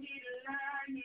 me lying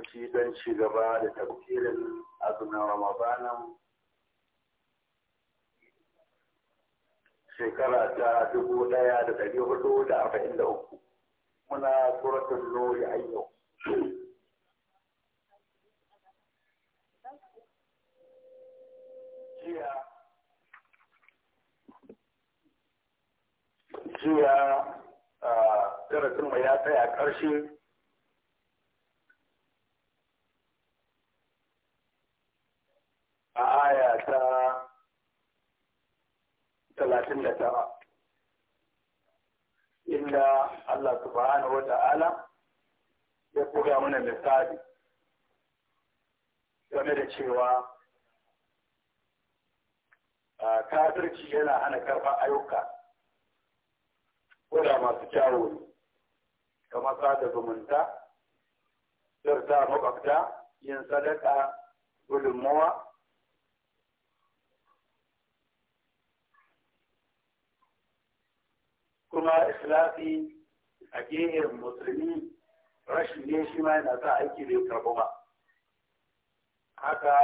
lokaci don ci gaba da tafsirin azumin ramadanan shekara ta dubu daya da dari hudu da arba'in da uku muna suratun nuri a yau jiya ah, darasinmu ya tsaya ƙarshe talatin da tara inda Allah subhanahu wa ta'ala ya buga mana misali game da cewa kafirci yana hana karɓar ayyuka koda masu kyawu ne kamar sada zumunta sirta makwabta yin sadaka gudunmawa kuma islafi a gehen musulmi rashin ne shi ma yana sa aiki bai karbu ba haka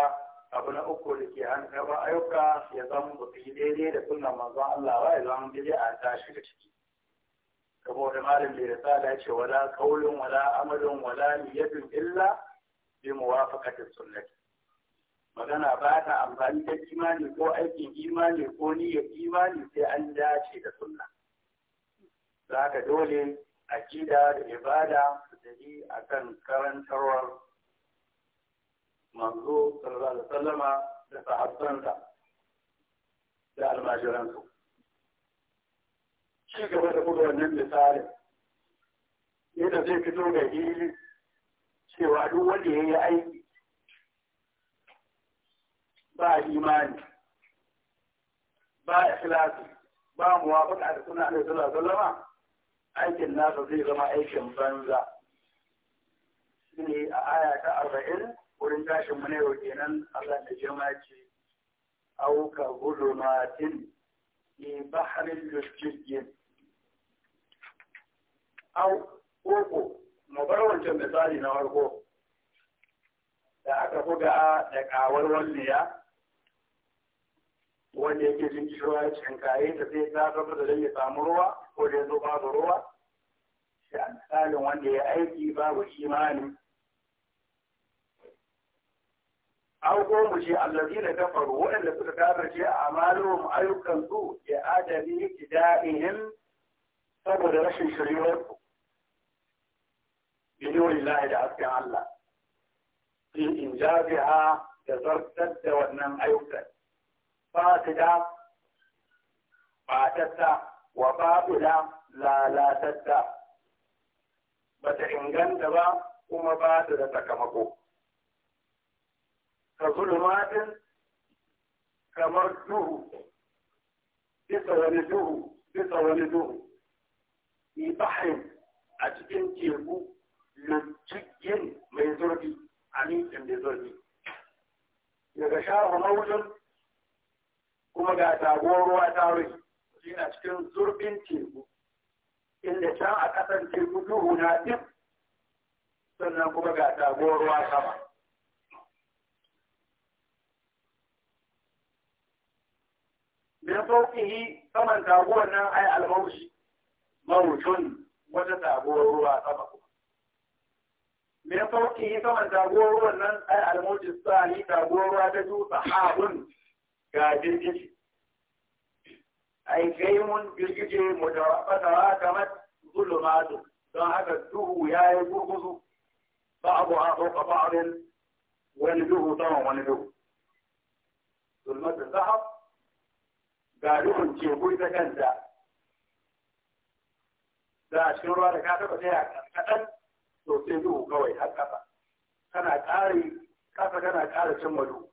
abu na uku da ke an karba ayyuka ya zama ba su daidai da sunan manzon Allah ba ya zama a ta shiga ciki saboda malam bai rasa da ce wala kaulin wala amalin wala niyyatin illa bi muwafaqati sunnati magana ba ta amfani da imani ko aikin imani ko niyyar imani sai an dace da sunna za ka dole a da ibada su tafi a kan karantarwar manzo sallallahu alaihi wasallama da sahabbansa da almajiransu Shi gaba da buga wannan misalin yadda zai fito da hili cewa duk wanda ya yi aiki ba imani ba ikhlasi ba muwafaqa da sunna da sallallahu alaihi wasallama aikin nasa zai zama aikin banza shine a aya ta arba'in wurin tashin mu na yau kenan Allah da jama'a ce auka gulumatin fi baharin lujjijin au koko mu bar wancan misali na farko da aka buga da kawar ya wanda yake jin kishiwa cinkaye ta sai ta zama da zai samu ruwa ko da yazo babu ruwa shi misalin wanda ya aiki babu imani an ko mu ce allazi da kafaru waɗanda suka kafirce a malum ayyukan su ya adami ibtida'ihim saboda rashin shiriyar su biliyoyin lahi da hasken Allah fi injabiha da zartar da wannan ayyukan fasida ba tatta wa la lalatatta ba ta inganta ba kuma ba ta da sakamako ka zulumatin kamar duhu bisa wani duhu bisa wani duhu ibahin a cikin teku lujjigin mai zurfi a mikin da zurfi daga shafa maujin kuma ga taguwar ruwa ta rufe yana cikin zurfin teku inda can a ƙasan teku duhu na ɗin sannan kuma ga taguwar ruwa sama min yi saman taguwar nan ai almaushi mawutun wata taguwar ruwa sama kuma min yi saman taguwar ruwan nan ai almaushi sani taguwar ruwa ta dutsa habun ga jirgin ai mun girgije mu da fatawa kamar zulumatu don haka duhu ya yi gurguzu babu a sauka ba'arin wani duhu saman wani duhu zulmatu zahab ga duhun teku ta kanta za a cikin ruwa da ka taɓa tsaya kaɗan to sai duhu kawai har ƙasa kana ƙari ƙasa kana ƙara cin duhu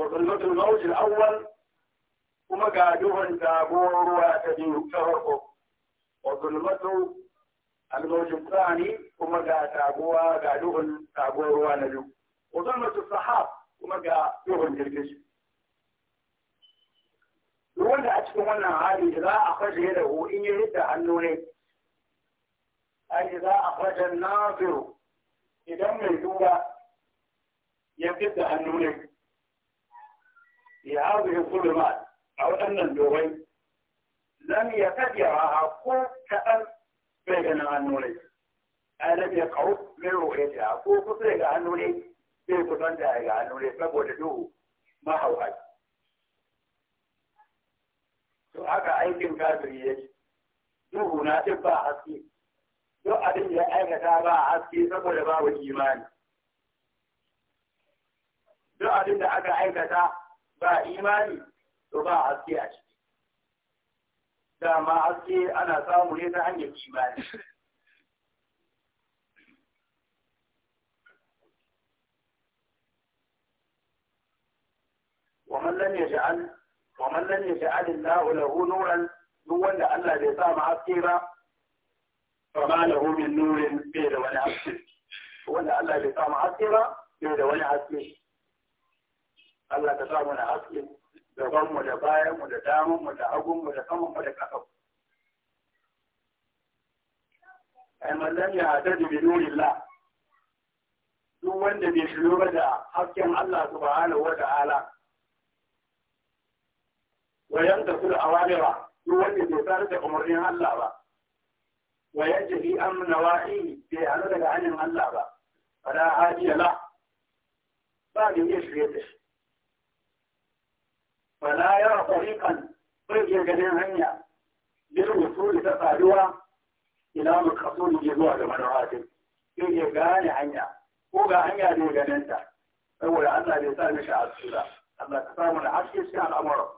وظلمة الموج الأول وما قادوهن دابور واتديو تهرقو وظلمة الموج الثاني وما قادوها قادوهن دابور وانجو وظلمة الصحاب وما قادوهن جركش لون أتكون أنا هذه إذا أخرج يده إن يرد عنوني أي إذا أخرج الناظر إذا من يبدأ عنوني في هذه الظلمات أو أن اللغي لم يكد يراها كل كأن بين النوري ألم يقعوا من رؤيتها كل كثير النوري في كثير النوري فبولدوه ما هو أجل to haka aikin kafiri yake duhu na duk ba haske duk abin da aikata ba haske saboda babu imani duk abin da aka aikata ba imani to ba haske a ciki dama haske ana samu ne ta hanyar imani ومن لم يجعل ومن لم يجعل الله له نورا duk wanda Allah bai sa mu haske ba fa ma lahu min nurin bai da wani haske wanda Allah bai sa mu haske ba bai da wani haske Allah ka sa mu na haske gaban mu da bayan mu da daman mu da hagun mu da kaman mu da kafa ai mallan ya ta bi nurillah duk wanda bai shigo ba da hasken Allah subhanahu wa ta'ala wa yanka kul awamira duk wanda bai tsare da umarnin Allah ba wa yajri amna nawahi bai halu daga hannun Allah ba fala hadiya la ba da iya shirye da shi fala yara tariqan bai iya ganin hanya lil wusul ta saduwa ila maqsud ya zuwa ga manhajin sai ya gane hanya ko ga hanya da ganin ta saboda Allah bai sa mishi asira Allah ta samu da haske shi al'amuran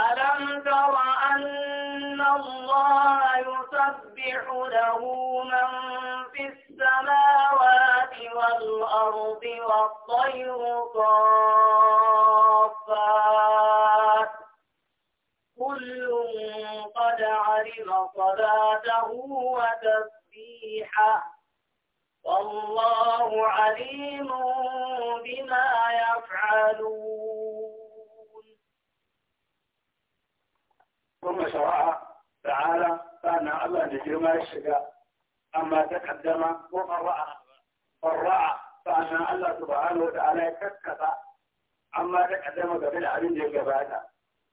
ألم تر أن الله يسبح له من في السماوات والأرض والطير صافات كل قد علم صلاته وتسبيحه والله عليم بما يفعلون kuma shawa'a ta'ala sana Allah da girma shiga amma ta kaddama ko farra'a farra'a sana Allah subhanahu ta'ala ya kaskasa amma ta kaddama gaba da abin da ya gabata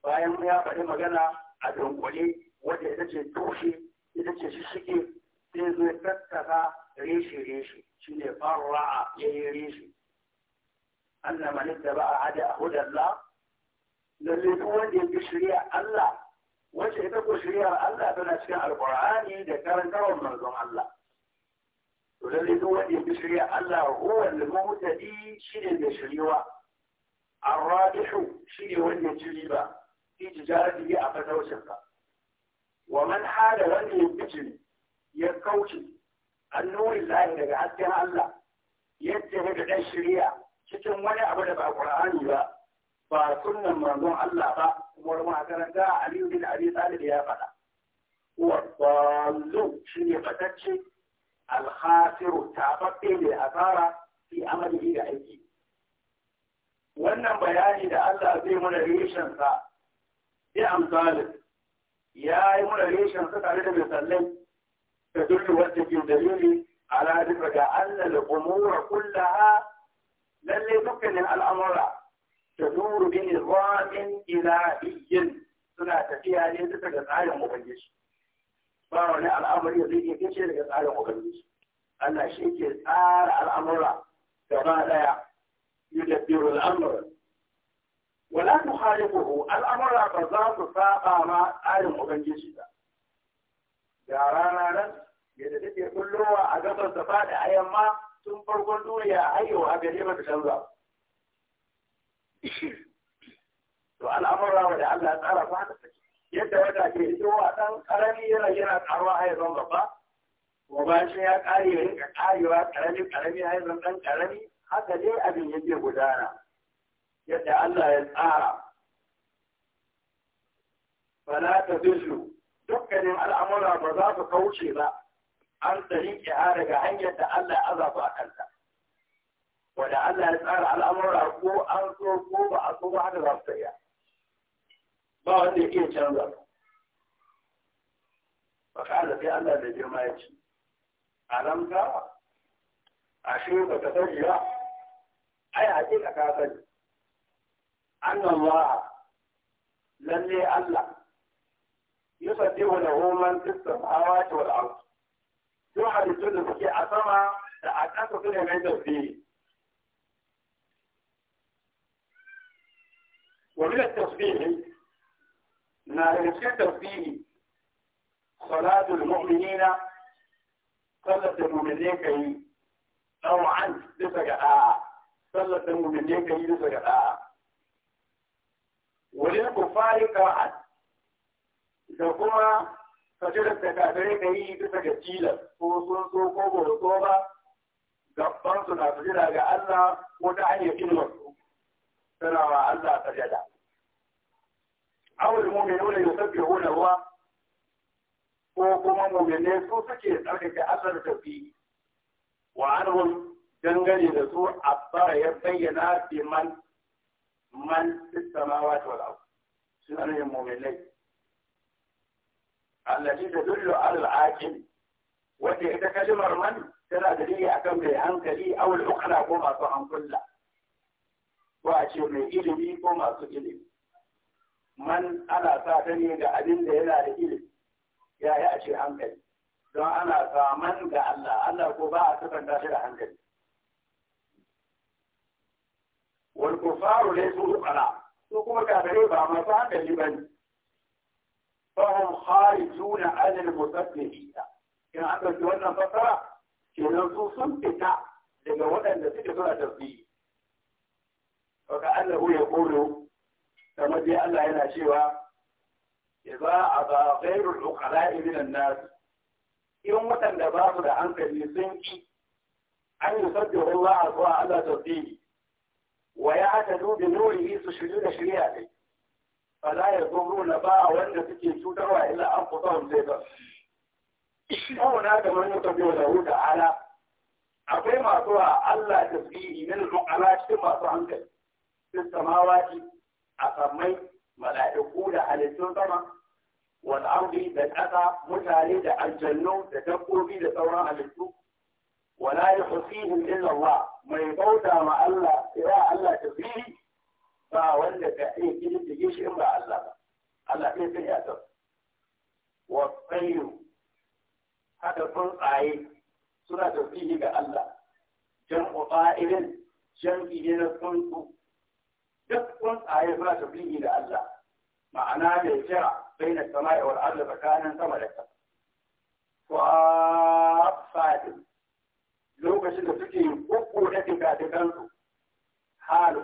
bayan ya faɗi magana a dunkule wanda ita ce tushe ita ce shishike sai zo ya kaskasa reshe reshe shi ne farra'a ya yi reshe annama nidda ba a hada a hudan la lalle duk wanda ya bi shari'a Allah wacce ita ko shiriyar Allah tana cikin alƙur'ani da karantarwar manzon Allah to lalle duk wanda ya shirya Allah huwa al-muhtadi shine da shiriwa ar-radihu shine wanda ya ci riba fi tijaratihi a ka wa man hada wanda ya bijiri ya kauce annuri nuri daga hasken Allah yadda da dan shirya cikin wani abu da ba Qur'ani ba ba sunnan manzon Allah ba kuma wani makaranta aliyu bin abi talib ya faɗa shi ne والضالون شيء فتتشي الخاسر تابقي لأثارة في عمله aiki. wannan bayani da Allah zai muna reshensa ya amsalin ya yi muna reshensa tare da misalai da dukkan wanda ke dalili ala duka ga annal umura kullaha lallai dukkanin al'amura تدور بنظام إلهي suna tafiya ne duka da tsarin Ubangiji. Ba wani al'amari da zai iya fice daga tsarin Ubangiji. Allah shi ke tsara al'amura gaba ɗaya, yudabbiru al'amura. Wala tu halifuhu al'amura ba za su saba ma tsarin Ubangiji ba. Ga rana nan, yadda take kullowa a gabas da faɗi a yamma tun farkon duniya a yau a gare ba ta canza. to al'amura da Allah ya tsara ba da take yadda wata ke hitowa dan ƙarami yana yana karuwa a yanzu babba kuma bayan shi ya kare ya rinka karewa karami ƙarami a yanzu dan ƙarami, haka dai abin yake gudana yadda Allah ya tsara fala ta zulu dukkanin al'amura ba za su kauce ba an tsari ki daga hanyar da Allah ya azaba a kanta wanda Allah ya tsara al'amura ko an so ko ba a so ba haka za su tsaya ba wanda ya iya canza ba ka sai Allah da girma ya ce nan ka ashe ba ta sani ba ai hakika ka sani annan ba lalle Allah yusaddihu lahu man fis samawati wal ardh duk halittun da suke a sama da a ƙasa suna ne mai tasbihi ومن التصحيح ما ينسى التصفيح صلاة المؤمنين صلاة المؤمنين كي أو عن لسجاء صلاة المؤمنين كي لسجاء وللكفار كواحد لكما فجر التكافرين كي لسجاء جيلا وصوصو كوبو صوبا قبرتنا فجر أجعلنا متعيئين وصوبا سنة ألا تجد أو المؤمنون يسبحون الله وكما مؤمنين سوسكي تركك أثر تبي وعنهم جنجل يسوع أبطار يبين بمن من السماوات والأرض سنة المؤمنين التي تدل على العاجل وتي تكلم من ترى دليل أكمل أنكلي أو الأخرى كما تهم كلها ko a ce mai ilimi ko masu ilimi man ana sa ta ne ga abin da yana da ilimi ya yi a ce hankali don ana sa man ga Allah Allah ko ba a sabanta shi da hankali wal kufaru laysu uqala su kuma kafirai ba masu hankali ne. fahim kharijuna an al-musaddiqina in an ɗauki wannan fasara kenan su sun fita daga waɗanda suke suna tasbihi wa ka ya yaqulu kamar dai Allah yana cewa Iza idza aba ghayrul uqala'i minan nas in waɗanda ba su da hankali sun ki an yi yusabbihu Allah wa Allah tasbihi wa ya ya'tadu bi nurihi su shudu da shari'a ya fala yadurruna ba wanda suke cutarwa illa an fusahum sai ba Mauna da man yuka biyu da huta ala akwai masu wa Allah tasbihi min al-uqala cikin masu hankali fi samawati a sammai mala'iku da halittun sama wal ardi da ƙasa mutane da aljannu da dabbobi da sauran halittu wala yuhsihim illa Allah mai bauta ma Allah ya Allah tafihi ba wanda ka iya kididdige shi in ba Allah ba Allah ɗaya sai ya san wa tsayu haka tsuntsaye suna tafihi ga Allah jam'u fa'irin jam'i ne sun tsuntsu duk kun tsaye tsuntsaye suna tafiyi da Allah ma'ana mai kira bai na sama yawar arzu tsakanin sama da ƙasa kwafaɗin lokacin da suke uku da fikafikansu halu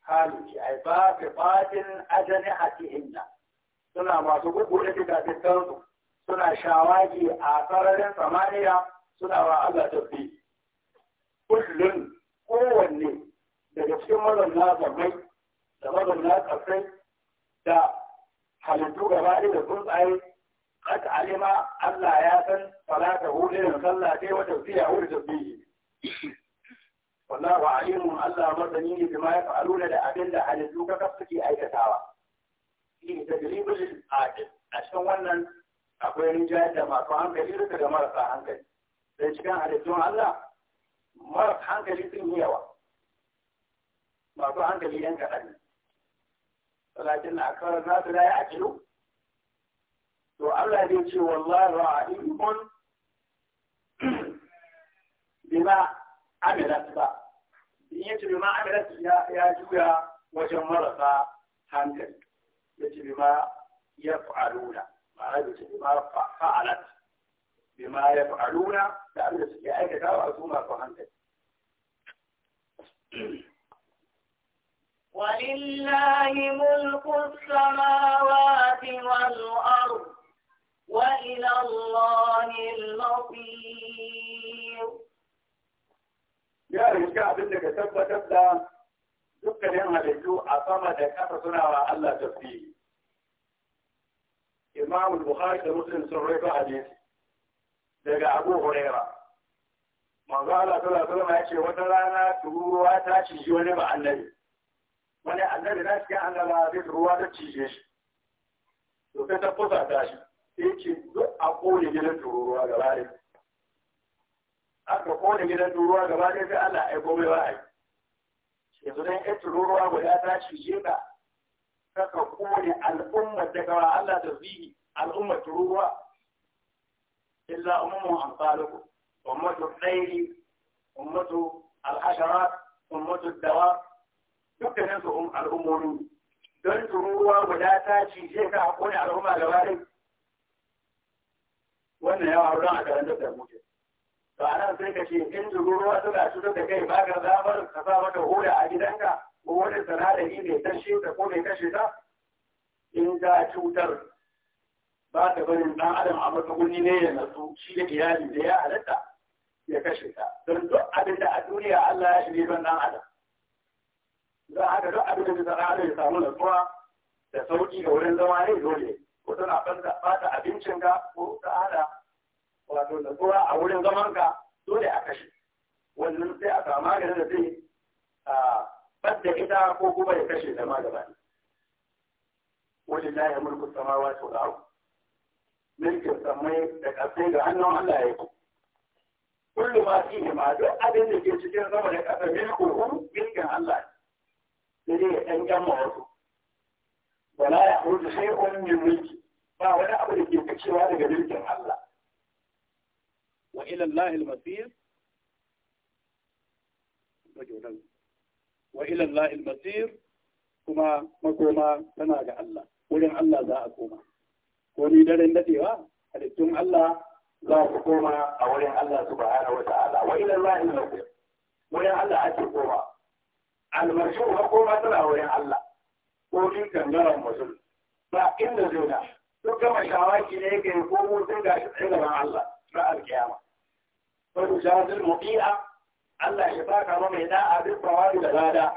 halu ne ai ba fi fatin ajani hatihinna suna masu uku da fikafikansu suna shawagi a sararin samaniya suna wa Allah tafi kullum kowanne daga cikin mazan zamai da mazauna kafai da halittu gaba ɗaya da tsuntsaye haka alima Allah ya san salata hu da sallah dai wata fiya hu da tabbihi wallahu alimun Allah madani ne ma ya fa'aluna da abin da halittu ka kafa ke aikatawa shi tajribul aqil a cikin wannan akwai rinjayar da masu hankali duka da marasa hankali sai cikin halittun Allah marasa hankali sun yi yawa masu hankali yan kaɗan ne ولكن أكثر الناس لا يعقلون to Allah zai ce wallahi ra'imun bima amilat ba in yace bima amilat ya ya juya wajen marasa hankali yace bima yaf'aluna ma'ana yace bima fa'alat bima ya fa'aluna da abin da suke aikata wa su masu hankali ولله ملك السماوات والأرض وإلى الله المصير يا رجال إنك تبقى تبقى دكا لينها لجوء أصامة كفر على الله تبقى إمام البخاري المسلم سرقه حديث daga أبو هريرة ما قال sallallahu alaihi wasallam ya ce wata rana turuwa ta ci wani ba annabi. wani annabi na cikin annaba zai ruwa ta cije shi to sai ta fusa ta shi sai ce duk a kone gidan tururuwa gaba ɗaya aka kone gidan tururuwa gaba ne sai Allah ya aiko mai wa'ayi yanzu dan ya tururuwa guda ta cije ka kaka kone al'ummar da kawa Allah ta zihi al'ummar tururuwa illa ummu amsalukum ummatu khairi ummatu al-asharat ummatu dawab dukkanin su um- al'ummomi don tururuwa guda ta ci cije ka a al'umma gaba ɗai wannan yawa wurin a karantar da mutum to a nan sai ka ce in tururuwa suka cutar da kai ba ka zamar ka sa mata hoda a gidanka ko wani sanadari mai tashe ta ko mai kashe ta in ta cutar ba ta barin ɗan adam a matsuguni ne ya nasu shi da iyali da ya halatta ya kashe ta don duk abin da a duniya Allah ya shirye don ɗan adam za a ga duk abin da zara da samu nutsuwa da sauki ga wurin zama ne dole ko tana fata ka ko ta wato nutsuwa a wurin zamanka dole a kashe wannan sai a samu maganin da zai a badda ita ko kuma ya kashe zama gaba ne wajen na ya mulku samawa to da'u mulkin samai da ƙasai ga hannun Allah ya yi kullum ma fi ma duk abin da ke cikin zama da ƙasa milku hu milkin Allah sai dai ya ɗan ƴan wasu wala ya hudu sai on min mulki ba wani abu da ke kacewa daga mulkin Allah wa ila Allah masir wa ila Allah masir kuma makoma tana ga Allah wurin Allah za a koma ko ni daren daɗewa halittun Allah za su koma a wurin Allah subhanahu wa ta'ala wa ila Allah al-masir wurin Allah ake koma المشروع هو ما تلاه يا الله قولي كم جرى المشروع فإن الزنا لو كما شواكي ليك يقوموا تلقى مع الله ما القيامة فالجاز المطيئة الله يفاك رميناء بالطوار لغادا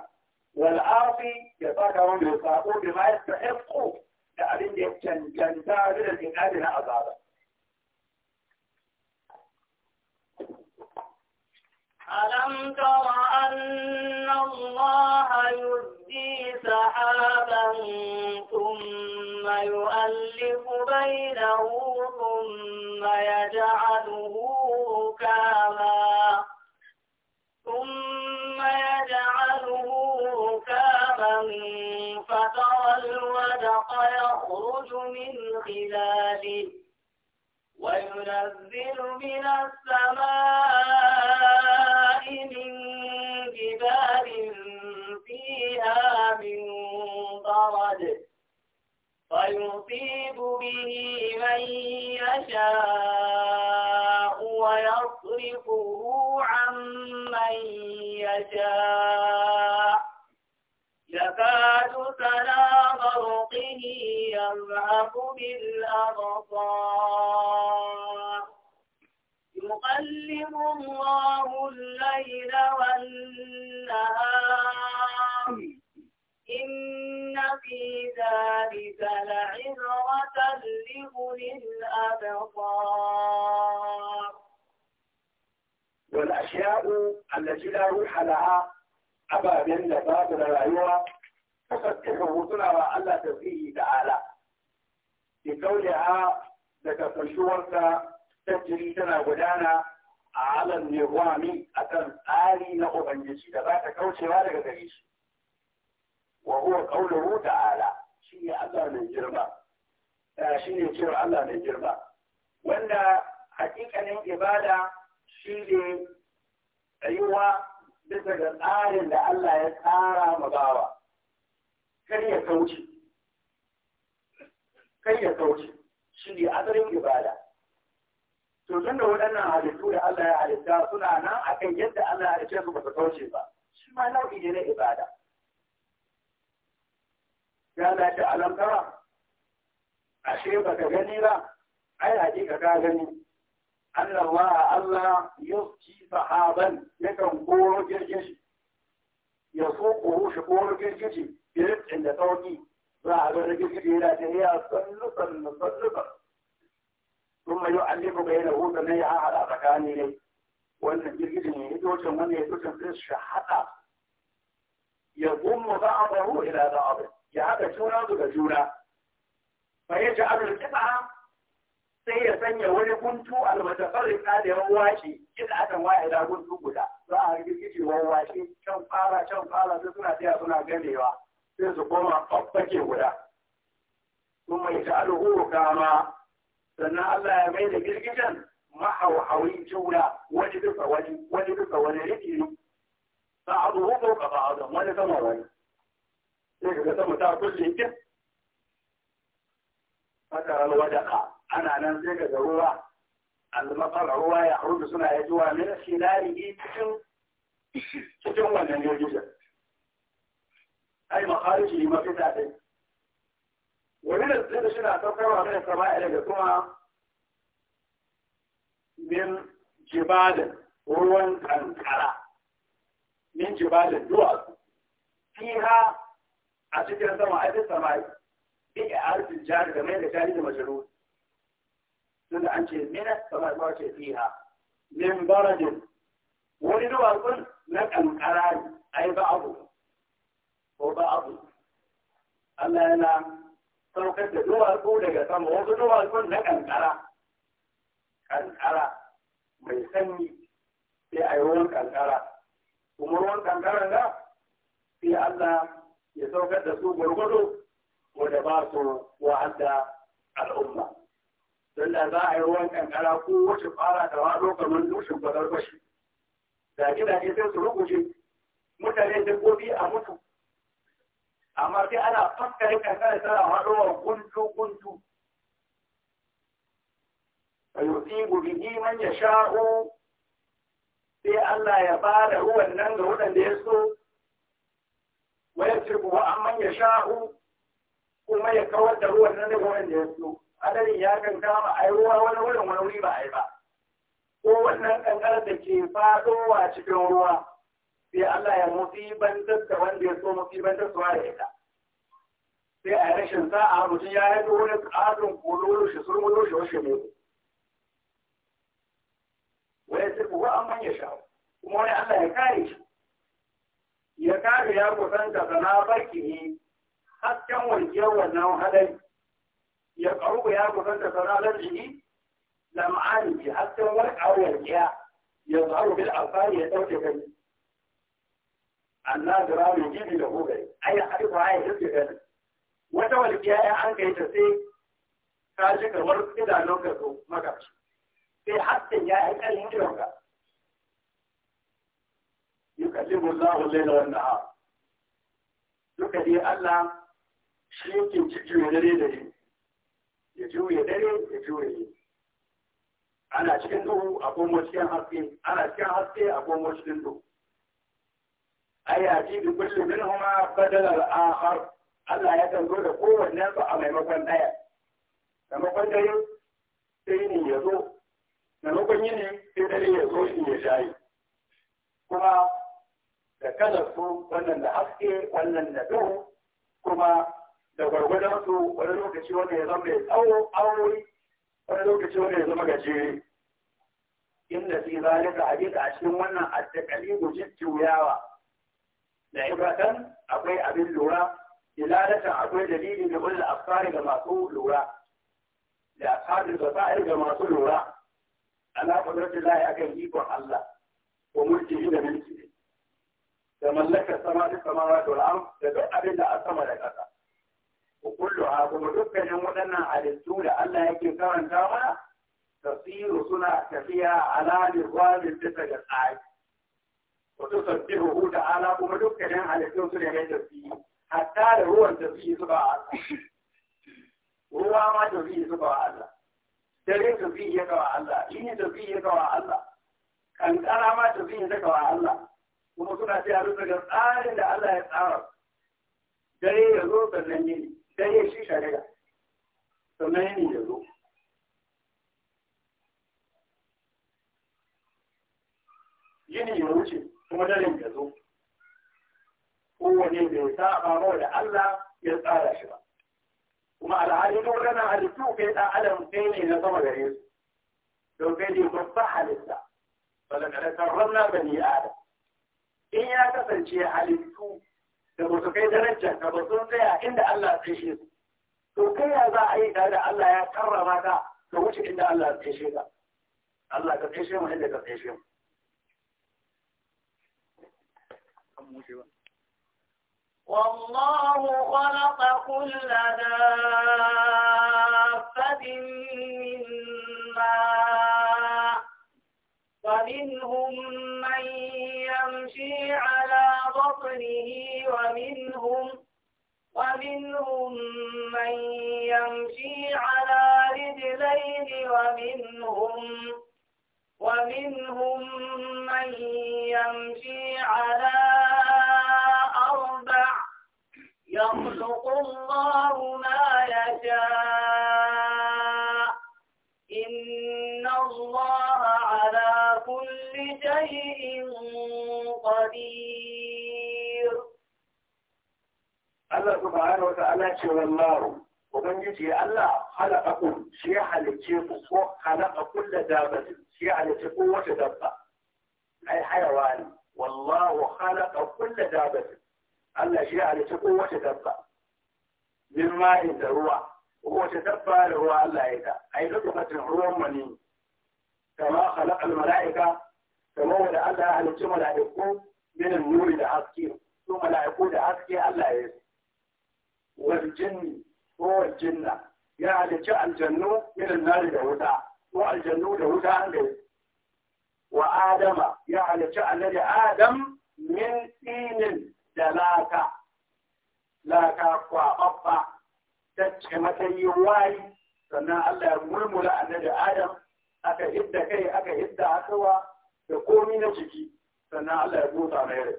والآفي يفاك رمي الصابون بما يستحقه لأبين يتنجن تابل الإنادنا أزاده ألم تر أن الله يبدي سحابا ثم يؤلف بينه ثم يجعله ركاما ثم يجعله ركاما فترى الودق يخرج من خلاله وينزل من السماء من جبال فيها من برد فيصيب به من يشاء ويصرفه عمن يشاء يكاد سنا برقه يمعق بالأبصار يقلب الله الليل والنهار إن في ذلك لعبرة لأولي الأبصار والأشياء التي لا روح لها ababen da ba da rayuwa kasance hutuna wa Allah tasbihi ta'ala kaule kauliha daga ta tajiri tana gudana a alam a akan tsari na ubangiji da za ta kaucewa daga gare shi wa huwa qawluhu ta'ala shi ne Allah mai girma shi ne cewa Allah mai girma wanda hakikanin ibada shi ne tsayuwa bisa ga tsarin da Allah ya tsara ma bawa kar ya kauce kar ya kauce shi ne asalin ibada to tun da waɗannan halittu da Allah ya halitta suna nan akan yadda Allah ya halitta su ba su kauce ba shi ma nau'i ne na ibada ya lati alamtara ashe ba ka gani ba ai hakika ka gani أن الله ألا يسقي صحابا يكن قول جرجش يسوقه شقول جرجش برفع لتوقي ذهب الرجل إلى تهيا صلصا صلصا ثم يعلق بينه بنيها على مكانه وأن جرجش يدوشن وأن يدوشن في الشحطة يضم بعضه إلى بعض يهدى جونا ضد جونا فيجعل القطعة sai ya sanya wani guntu almutafarrika da yawan washe inda aka waye da guntu guda za a girgice wani washe can fara can fara sai suna tsaya suna ganewa sai su koma faffake guda kuma ya ta alhuru kama sannan Allah ya mai da girgijen mahauhawin juna wani duka wani wani duka wani rikiri ba a zuwa ko ka ba a wani sama wani sai ka ga sama ta kulle kin haka alwadaka أنا نزلك دروة المطر هو يخرج سنة يجوى من خلاله تكون تكون من يجوزة أي مخارج لما في ذاته ومن الزيد شنا تقرأ من السماء لكما من جبال هو كنكرة من جبال دوات فيها عشان كده سماء في السماء بيئة أرض الجارد من الجارد مجرود da an ce mina kuma ba ce fiha min Barajin. wani duwatsun na kankara ne ai ba abu ko ba abu Allah yana saukar da duwatsu daga sama wasu duwatsun na kankara kankara mai sanyi sai a yi ruwan kankara kuma ruwan kankara ga sai Allah ya saukar da su gwargwado wanda ba su wa'adda al'umma Sannan za a yi ruwan kankara ko wacce fara da wado kamar dushin bazar bashi da gidaje sai su rubuce mutane dabbobi a mutu amma sai ana fakkare kankara tana wa kuntu-kuntu. a yusibu bihi man ya sha'o sai Allah ya ba da ruwan nan ga waɗanda ya so wa ya cirbu wa an ya sha'o kuma ya kawar da ruwan nan ga waɗanda ya so adalin ya kan ba a yi ruwa wani wurin wani wuri ba a yi ba ko wannan kankarar da ke fadowa cikin ruwa sai Allah ya musibantar da wanda ya so musibantar suwa da ita sai a rashin sa'a mutum ya yi wani tsarin kololo shi surmulo shi washe ne Wani sai kuwa an manya sha kuma wani Allah ya kare shi ya kare ya kusanta sana baki hasken walƙiyar wannan hadari ya ƙaru ya kusan gudanta sanarar jini lam'ani bi hatta warƙawar ya ya zaru bil alfani ya ɗauke kai annadira mai gini da hugari ai harfa ai yake gani wata walƙiya ya an kai ta sai ka ji kamar idanun ka zo maka sai hatta ya yi ƙarin kiran ka yukallimu Allahu laila wan nahar duka dai Allah shi yake cikin dare da yini ya juye dare ya juye ana cikin duhu a goma cikin haske ana cikin haske a goma cikin duhu ai a ji da kullum min huma badal al akhar Allah ya kan zo da kowanne su a maimakon daya maimakon dare sai ne ya zo maimakon yini sai dare ya zo shi ya shayi kuma da kalar su wannan da haske wannan da duhu kuma da gwargwadon su wani lokaci wanda ya zama mai tsawo aure wani lokaci wanda ya zama gajere inda fi zalika hakika a cikin wannan attakali gujin juyawa da ibratan akwai abin lura dilalatan akwai dalilin da ulul afkari ga masu lura da ashabul basair ga masu lura ala qudratillahi akan ikon Allah wa mulkihi da mulki da mallakar sama da samawa da al'am da duk abin da a sama da ƙasa kullum a kuma dukkanin waɗannan halittu da Allah yake karanta mana tasiru suna tafiya a lalin wajen bisa da tsari. Wato sabbi ruhu da ala kuma dukkanin halittu su ne mai tasiru. Hatta da ruwan tafiye su ba a Allah. Ruwa ma tasiru su ba a Allah. Dare tasiru ya kawa Allah. Ini tasiru ya kawa Allah. Kankara ma tasiru ya kawa Allah. Kuma suna tafiya bisa ga tsarin da Allah ya tsara. Dare ya zo sannan yini. sai ya shi shari'a sannan yini ya zo yini ya wuce kuma daren ya zo kowane bai saba mawa da Allah ya tsara shi ba kuma alhali ko kana halittu kai dan adam kai ne na sama gare su don kai ne babban halitta balaka da ya bani adam in ya kasance halittu da su kai darajar da ba sun tsaya inda Allah ya shi su to kai ya za a yi tare da Allah ya karrama ka ka wuce inda Allah ya tsaye ka Allah ka tsaye mu inda ka tsaye mu والله خلق كل دابة من ماء فمنهم من يمشي على بطنه ومنهم ومنهم من يمشي على رجلين ومنهم ومنهم من يمشي على أربع يخلق الله ما يشاء إن الله على كل شيء khabir Allah subhanahu wa ta'ala ce wallahu ubangiji Allah halakakum shi ya halice ku ko halaka kulla dabatin shi ya halice ko dabba ai hayawani wallahu halaka kulla dabatin Allah shi ya halice ko dabba min ma'in da ruwa wata dabba da ruwa Allah ya ta ai duk wata ruwan mani kama khalaqa al mala'ika kama wa da Allah halice mala'iku bin nuri da haske su mala'iku da haske Allah ya yi wal jinni ko wal jinna ya halicci aljannu irin nari da wuta ko aljannu da wuta an da wa adama ya halicci annabi adam min da laka laka kwaɓaɓɓa ta ce mata yi sannan Allah ya murmula annabi adam aka hidda kai aka hidda akawa da komi na ciki sannan Allah ya busa mai rai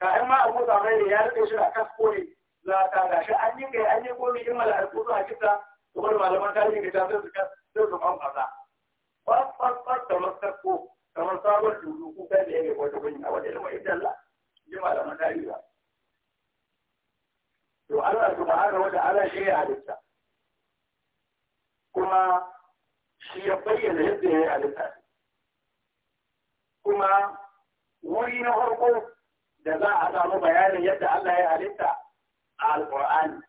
ka in ma a busa mai rai ya rike shi a kasko ne za ka gashi an yi kai an yi komi in mala'iku zuwa kisa kamar malaman tarihi da ta sai su kan sai su kan fasa fasfasfas da kasko kamar sabon dudu ko kai da yake wata gunya wata ilma idan la ji malaman tarihi ba to Allah subhanahu wa ta'ala shi ya halitta kuma shi ya bayyana yadda ya yi halitta kuma wuri na farko da za a samu bayanin yadda Allah ya halitta a Alƙur'ani.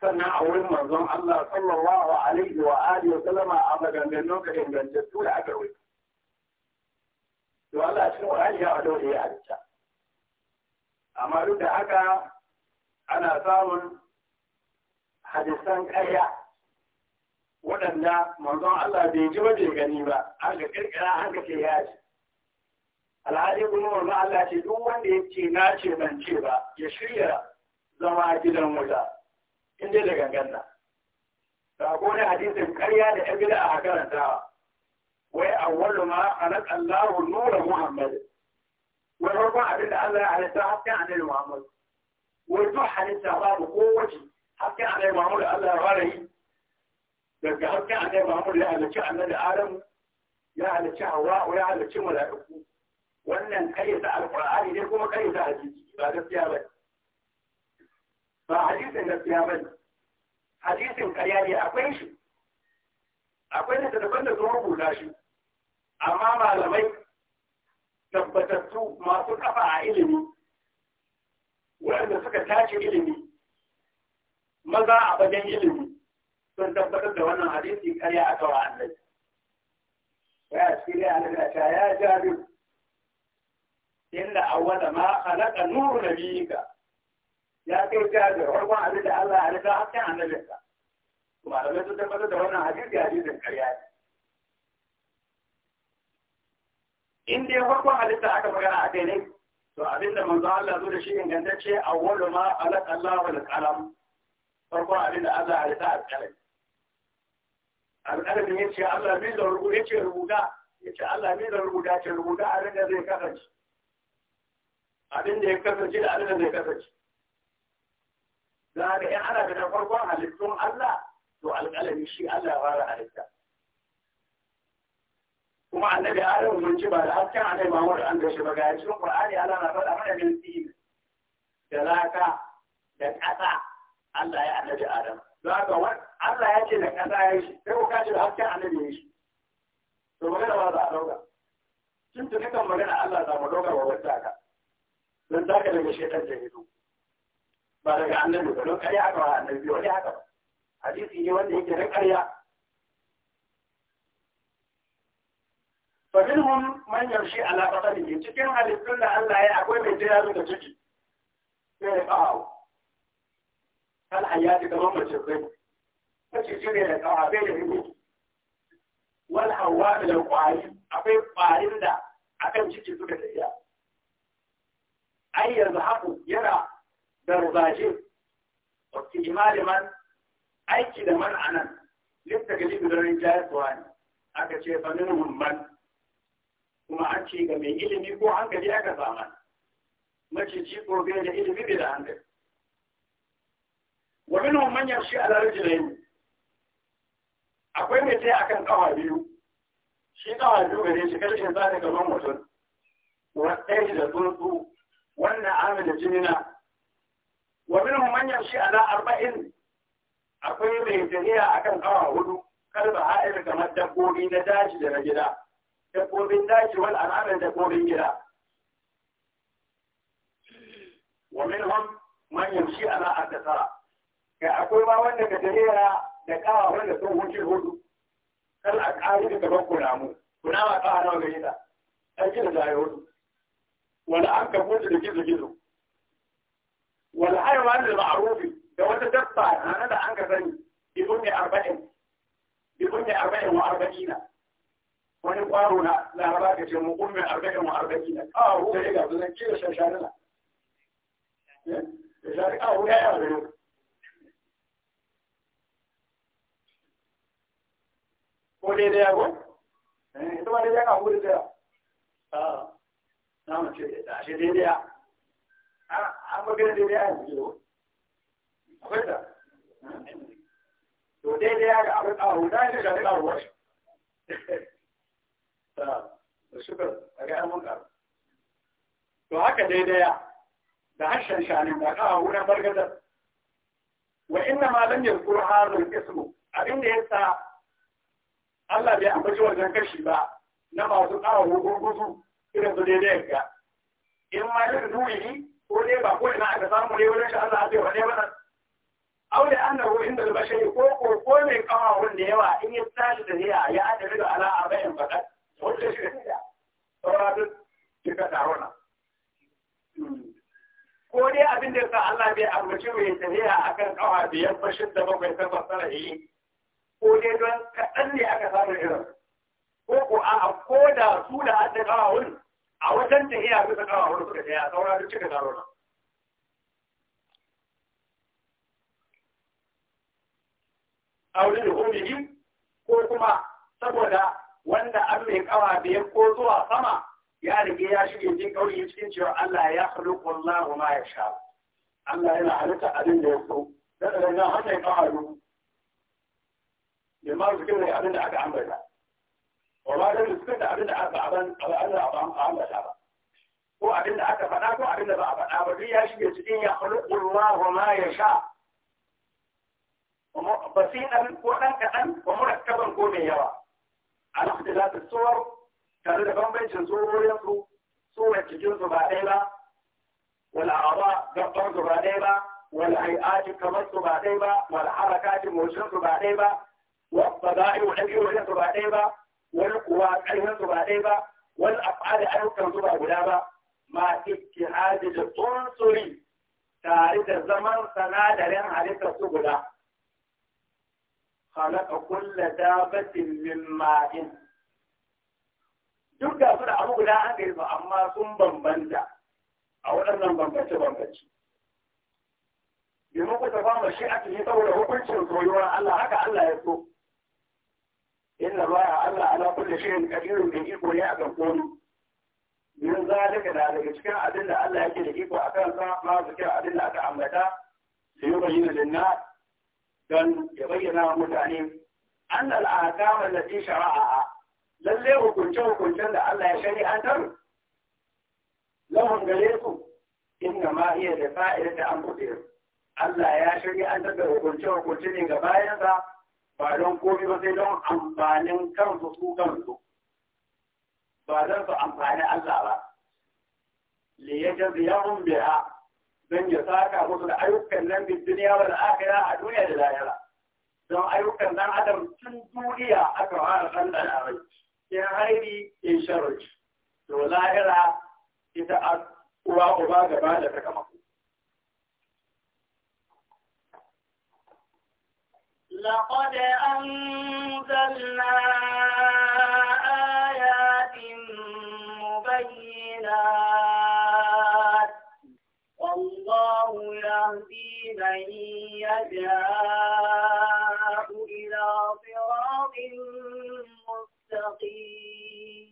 Sannan a wurin manzon Allah sallallahu alaihi wa alihi wa Salama a maganin lokacin ingantattu da aka rufe. To Allah cikin ƙur'ani ya wado da ya halitta. Amma duk da haka ana samun hadisan ƙarya waɗanda manzon Allah bai ji ba bai gani ba, an ga ƙirƙira an ga ke yaji. alhali kuma wanda Allah ce duk wanda ya ce na ce ban ce ba ya shirya zama a gidan wuta in dai da ganganna ta gona hadisin karya da yan gida a karantawa wai awwalu ma alat Allahu nura Muhammad wai farkon abin da Allah ya halitta hasken annabi Muhammad wai duk halitta babu kowace hasken annabi Muhammad Allah ya fara yi daga hasken annabi Muhammad ya halicci annabi Adamu ya halicci Hawwa ya halicci mala'iku wannan karyata alƙur'ani ne kuma karyata hadisi ba gaskiya ba ba hadisin gaskiya ba ne hadisin karya ne akwai shi akwai da daban da sun rubuta shi amma malamai tabbatattu masu kafa a ilimi waɗanda suka tace ilimi maza a bajen ilimi sun tabbatar da wannan hadisi karya aka wa annabi ya shirya annabi ya jabi. inda awwala ma khalaqa nuru nabiyika ya kai jabir farkon abin da Allah ya rika hakkin annabinka malamai sun tabbatar da wannan hadisi hadisin ƙarya ne in dai farkon halitta aka magana a kai ne to abinda da manzo Allah zo da shi ingantacce awwalu ma khalaqa Allahu al-qalam farkon abinda Allah ya rika al-qalam al-qalam yace Allah mai da rubuta yace rubuta yace Allah mai da rubuta ce rubuta a rinda zai kasance abin da ya kasance da abin da zai kasance da haka in ana da na farkon halittun Allah to alƙalami shi Allah fara halitta kuma annabi Adam mun ci ba da hasken annabi Muhammad an da shi ba ga cikin Qur'ani Allah na faɗa mana min sin da laka da ƙasa Allah ya annabi Adam ka haka Allah ya ce da ƙasa ya shi sai ko ka da hasken annabi ya shi to magana ba za a ɗauka? tun tuni kan magana Allah za mu ɗauka wa wata ka don za ka daga shekar da hito ba daga annabi ba don karya aka ba annabi wani haka ba hadisi ne wanda yake na karya manyan shi يمشي على بطنه cikin halittun da Allah ya akwai mai jira da ciki sai ya kawo kan hayati kamar mace zai kace shi ne da kawo bai da rubu wal hawa da kwari akwai kwarin da akan ciki suka tafiya ai yanzu haku yana da rubaje wasu imaliman aiki da man anan lista gali bidirin jayatuwa ne aka ce fanin man kuma an ce ga mai ilimi ko hankali aka zama maciji ko bai da ilimi bai da hankali wa minhum shi a ala jirai akwai mai sai akan kawa biyu shi kawa biyu gare shi kalshin sa daga gaban mutum Wasu ɗaya da tsuntsu wannan amina jinina wa minhum man yamshi ala arba'in akwai mai tafiya akan kawa hudu kalba ha'ir kamar dabbobi na daji da na gida dabbobin daji wal al'amin dabbobin gida wa minhum man yamshi ala akthara kai akwai ma wanda ka tafiya da kawa wanda sun huce hudu kal a kari da gaban kunamu kunama kawa nawa gari da ɗan jin zai hudu والأنك بوجه لجيزه جيزه والحيوان المعروف لو أنت تقطع أنا لا أنك ثاني بدون أربعين بدون أربعين وأربعين ونقارنا لا راكة يوم قل من أربعين وأربعين آه هو إيه قبل أن كيف شارنا شارك آه هو يا أبنو قولي ليه أقول إيه تبالي ليه أقول إيه za mu ce da shi daidai an magana daidai a yanzu akwai da to daidai ya ga abin ƙawo na yi da ƙawo da shukar a ga yamun ƙawo to haka daidai ya da harshen shanin da ƙawo na bargadar wa inna ma lam yankur hadhal ismu abinda da yasa Allah bai ambaci wajen kashi ba na masu ƙawo gurguzu irin su daidai ka in ma irin duwi ko dai ba ko ina aka samu ne wurin shi Allah zai faɗe mana aw da annahu inda al-bashari ko ko ko mai kama wanda yawa in ya tashi da ya ya adabi da ala arba'in fakat wanda shi da saura duk kika tarona ko dai abin da yasa Allah bai ambaci mai tafiya akan kawa biyar bashin da bakwai takwas tara yi ko dai don kaɗan ne aka samu irin ko ko a ko da su da an da kawawun a wajen da iya bisa kawo wani suka tsaya saura duk cika zaro na a wajen da homiyi ko kuma saboda wanda an mai kawa biyan ko zuwa sama ya rige ya shige jin kauri cikin cewa Allah ya khluqu Allah ma ya sha Allah yana halitta abin da ya so da da nan har mai kawa ruhu da ma su ne abin da aka ambata وما da suka abin da aka abin abin da aka ambata ba ko abin da aka faɗa ko abin da ba a faɗa ba duk ya shige cikin ya khuluqu Allah ma yasha basiran ko dan kadan ko murakkaban ko mai yawa al ikhtilaf as-suwar tare da bambancin surorin su suwar cikin su ba ɗaya ba wal a'dha gabbar su ba ɗaya ba wal hay'at kamar su ba ɗaya ba wal harakat motsin su ba ɗaya ba wa bada'i wa ɗabi'u su ba ɗaya ba wani kuwa ƙarfin su ba ɗaya ba wani af'ali ayyukan su ba guda ba ma haji da tsuntsuri, tare da zaman sanadarin halitta su guda ka kulla dabatin min ma'in duk da su da abu guda an gaisu amma sun bambanta a waɗannan bambance-bambance domin ku tafa mashi a cikin saboda hukuncin soyuwar Allah haka Allah ya so inna ba Allah ala kulli shay'in qadirun da iko ne akan komai min zalika da daga cikin abin da Allah yake da iko akan sa ma su kira abin aka ambata su yi bayyana linna don ya bayyana wa mutane an al'akam allati shara'a lalle hukunce hukuncen da Allah ya shari'antar lahun gare inna ma iya da Allah ya shari'antar da hukunce hukunce ne ga bayansa ba don komi ba sai don amfanin kansu su kansu ba don su amfani Allah ba li yajziyahum biya? dan ya saka musu da ayyukan nan bi duniya wal akhirah a duniya da lahira don ayyukan nan adam tun duniya aka fara kallon rai? in hairi in sharri to lahira ita uwa uba gaba da ta kama لقد أنزلنا آيات مبينات والله يهدي من يشاء إلى صراط مستقيم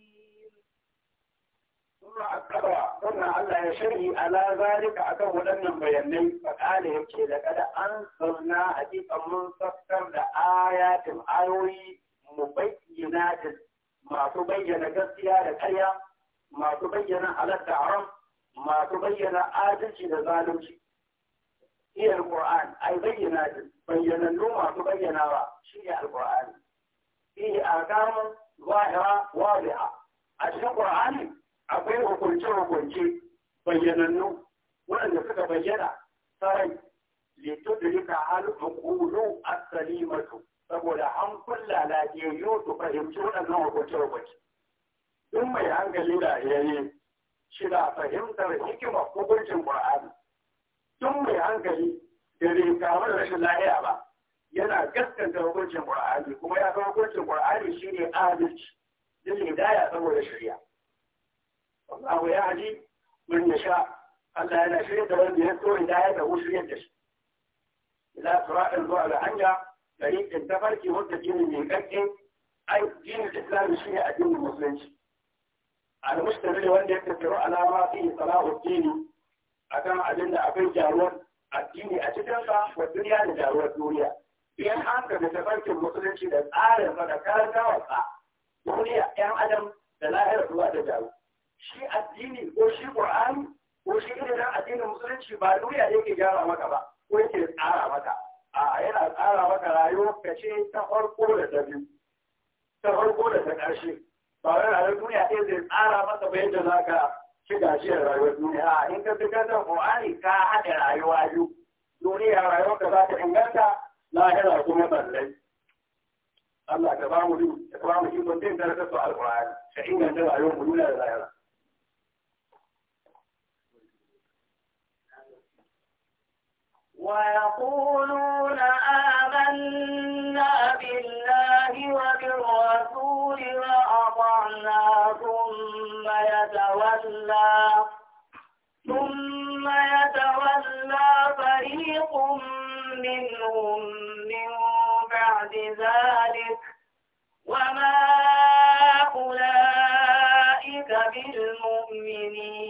kuma Allah ya shiryi ala zalika akan waɗannan bayanai fa kale yake da kada an sunna hakika mun saffar da ayatin ayoyi mu bayyana masu bayyana gaskiya da karya masu bayyana alat da haram masu bayyana adalci da zalunci shi alquran ai bayyana din bayyana nu masu bayyana shi ne alquran fi aqamu zahira wadi'a a cikin qur'ani akwai hukunce-hukunce bayyanannu waɗanda suka bayyana sarai leto da rika halu a salimatu saboda hankula lafiyayyu su fahimci waɗannan hukunce-hukunce. Duk mai hankali da lafiyayye shi da fahimtar hikimar hukuncin Qur'ani. Duk mai hankali da bai kamu da rashin lahiya ba yana gaskanta hukuncin Qur'ani kuma ya san hukuncin shi shine adalci. Dole ne daya saboda shari'a. والله يعني من نشاء قال أنا في يدر أن يدر إلى هذا هو في يدر إلى أسراء الضعب عنها فهي تنتفر في مدة دين من قد أي دين الإسلام فيها أدين المسلمين على مستوى الذي يكثر على ما فيه صلاح الدين أكما أدن أبي جارون الدين أتدفع والدنيا لجارون الدنيا بين إيه حاكم تنتفر في المسلمين لأن آل فدكارة وقع دنيا يعني أدم تلاهر الله تجارون shi addini ko shi Qur'ani ko shi irin addinin musulunci ba duniya ne yake gyara maka ba ko yake tsara maka a yana tsara maka rayuwar ka ce ta farko da ta biyu ta farko da ta ƙarshe ba wai rayuwar duniya ɗaya zai tsara maka ba yadda za ka ci gajiyar rayuwar duniya a in ka fi gasar Qur'ani ka haɗa rayuwa biyu duniya rayuwar ka za ta inganta lahira kuma ballai Allah ka ba mu ikon bin darajar su al-Qur'ani ka inganta rayuwar mu duniya da lahira ويقولون آمنا بالله وبالرسول وأطعنا ثم يتولى ثم يتولى فريق منهم من بعد ذلك وما أولئك بالمؤمنين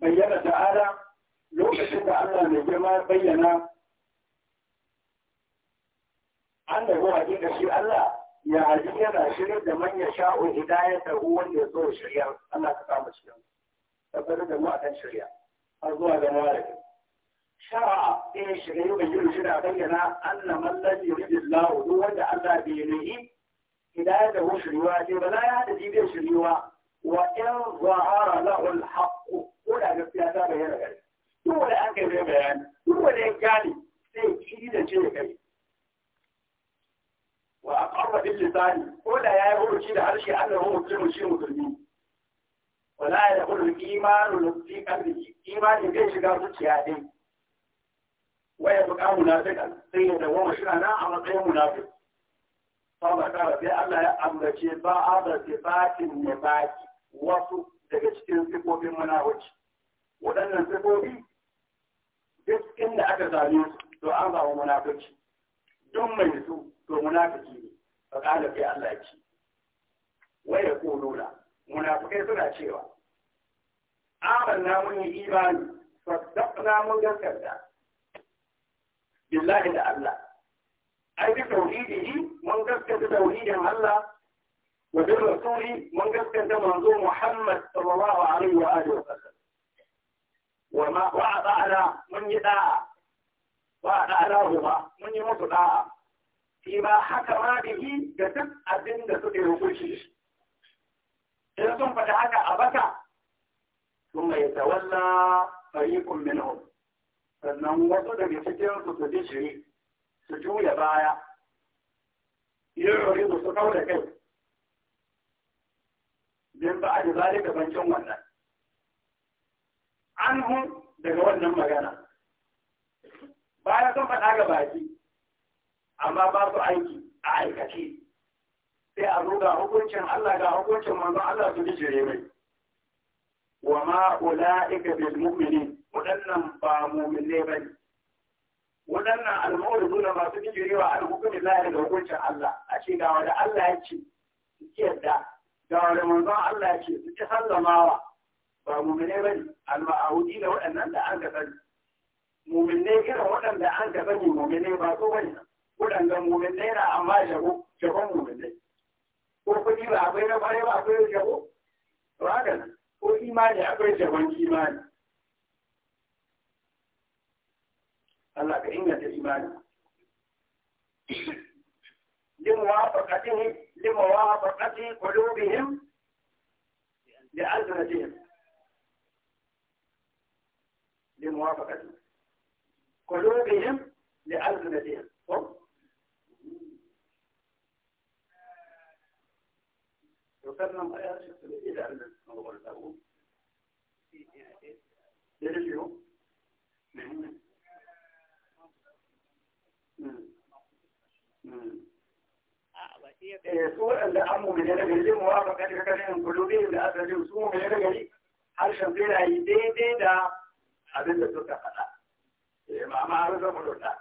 بيّن تعالى لو شكت على نجمة بيّن أنه هو حقيقة شيء الله يا علي أنا شريد من يشاء الهداية هو اللي يزور الشريعة أنا كتاب الشريعة تبدو دموع تن شريعة أرضوها بموالك شرع إيه شريعة بيّن شرع بيّن أن من الذي يريد الله هو اللي الله بيّنه هذا هو شريعة ولا يعني دي بيه شريعة وإن ظهر له الحق ولا نفيا تابع هنا غير دول أنك بيان دول إن كان سيكيد شيء كي وأقر باللسان ولا يقول شيء هرشي أنه مسلم شيء مسلمين ولا يقول الإيمان في قلبه إيمان بيش قال سيادين ويبقى منافقا سيدا ومشرعنا على غير منافق صدق ربي الله أمرك باعض صفات النفاق wasu daga cikin sifofin manawaci waɗannan sifofi duk inda aka same su to an zama munafici don mai su to munafiki ne a kala Allah ci wai ya ko nuna munafikai suna cewa amanna mun yi imani na mun gaskata billahi da Allah ai bi tauhidi mun gaskata tauhidin Allah وبالرسول من قد منظور محمد صلى الله عليه وآله وسلم وما على من يدعى وعد على هما من يمطلع فيما حكم به جسد أدن جسد يقوشي إذا ثم فتحك أبكى ثم يتولى فريق منهم sannan wasu daga cikin su su ji shiri su juya baya yin rori su kau da kai bin ba a da zalika bancin wannan anhu daga wannan magana bayan sun faɗa ga baki amma ba su aiki a aikace sai a zo ga hukuncin Allah ga hukuncin manzon Allah su bijire mai wa ma ulaika bil mu'minin wadannan ba mu'mine bane wadannan al-mu'minun masu bijirewa al-hukmi Allah da hukuncin Allah a ce ga wanda Allah ya ce yadda da da manzon Allah ce su ci sallamawa ba mu'mine ba ne al-ma'ahudi da waɗannan da an ka sani mu'mine irin waɗanda an ka sani mu'mine ba so bane waɗanda mu'mine na amma shago shagon mu'mine ko kuɗi ba akwai na bare ba akwai shago ba haka nan ko imani akwai shagon imani Allah ka inganta imani. Yin wafa kaɗin لموافقة قلوبهم لألسنتهم لموافقة قلوبهم لألسنتهم يسمم آيات السلوك إذا الموضوع له يرجع Mm-hmm. Eh, su waɗanda an mu mene gari zai muwa ba kan kakarin kulubin da aka su mu nagari. harshen zai rayu daidai da abin da suka faɗa eh, ma'ama har zan mu lura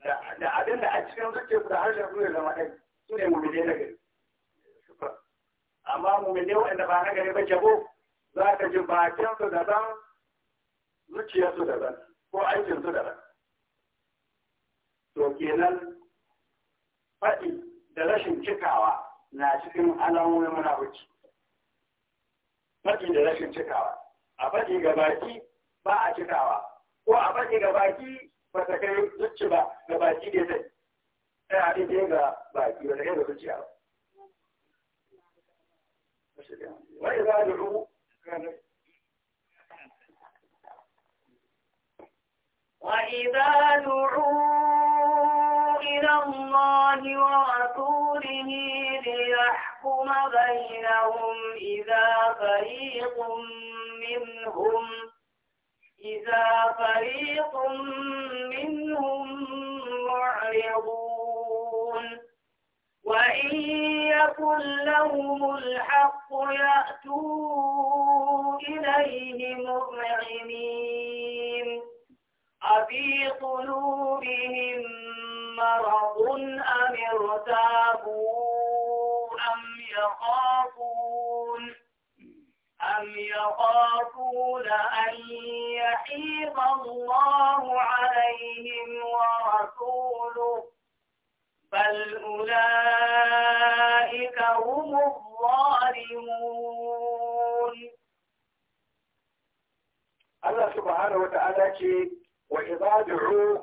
da abin da a cikin zuciyarsu da harshen su ne zama ɗai su ne mu mene gari amma mu mene waɗanda ba na gari ba jabo za ka ji bakinsu daban zuciyarsu daban ko aikinsu daban to kenan faɗi da rashin cikawa na cikin alamomin munafuci faɗi da rashin cikawa a faɗi ga baki ba a cikawa ko a faɗi ga baki ba ta kai zuci ba ga baki da zai sai a ɗin ga baki ba ta kai ga zuciya ba wai za a rubu وإذا دعوا إلى الله ورسوله ليحكم بينهم إذا فريق منهم إذا فريق منهم معرضون وإن يكن لهم الحق يأتوا إليه مؤمنين أفي قلوبهم مرض أم ارتابوا أم يخافون أم يخافون أن يحيط الله عليهم ورسوله بل أولئك هم الظالمون الله سبحانه وتعالى وإذا دعوا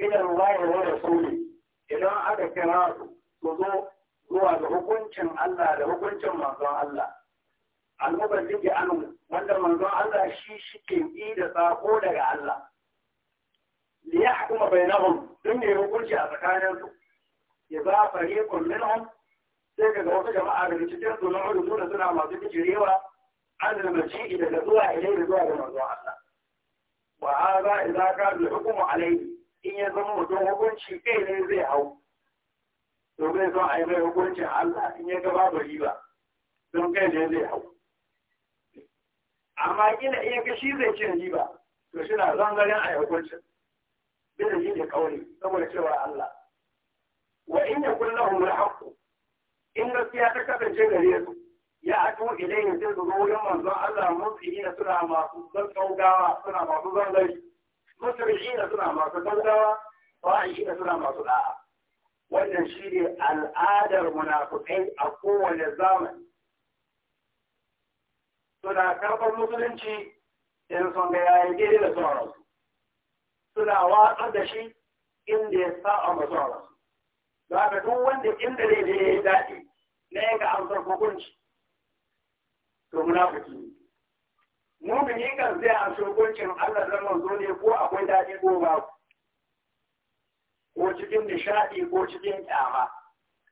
idan Allah wa rasuli idan aka kira su su zo zuwa da hukuncin Allah da hukuncin masu Allah al ke anhu wanda manzon Allah shi shike yi da sako daga Allah li bai bainahum dun ne hukunci a tsakanin su ya za fariqun sai daga wasu jama'a da cikin su na suna suna masu kijirewa an da mace daga zuwa ilai da zuwa ga manzon a wa hadha idza kana al-hukmu alayhi in ya zama mutum hukunci kai ne zai hau to bai son a yi mai hukuncin Allah in ya gaba bari ba don kai ne zai hau amma ina iya ga shi zai cin riba to shi na zangaren a yi hukuncin bai da yi da kauri saboda cewa Allah wa in ya kulla umar haku. in gaskiya ta kasance gare su ya ato ilayhi sai su zo wurin manzon Allah musu ina suna masu zan suna masu zangari مسرعين سنة ما تدلوا طائشين suna masu تدعى wannan shi ne al'adar munafukai a kowane zamani suna karɓar musulunci in sun ga yayin gidi da sauransu suna watsar da shi inda ya sa'a ma sauransu za ka duk wanda inda ne da ya yi daɗi na yanka amsar hukunci to munafuki ne mumini kan zai a hukuncin Allah zan manzo ne ko akwai daɗi ko ba ko cikin nishaɗi ko cikin kyama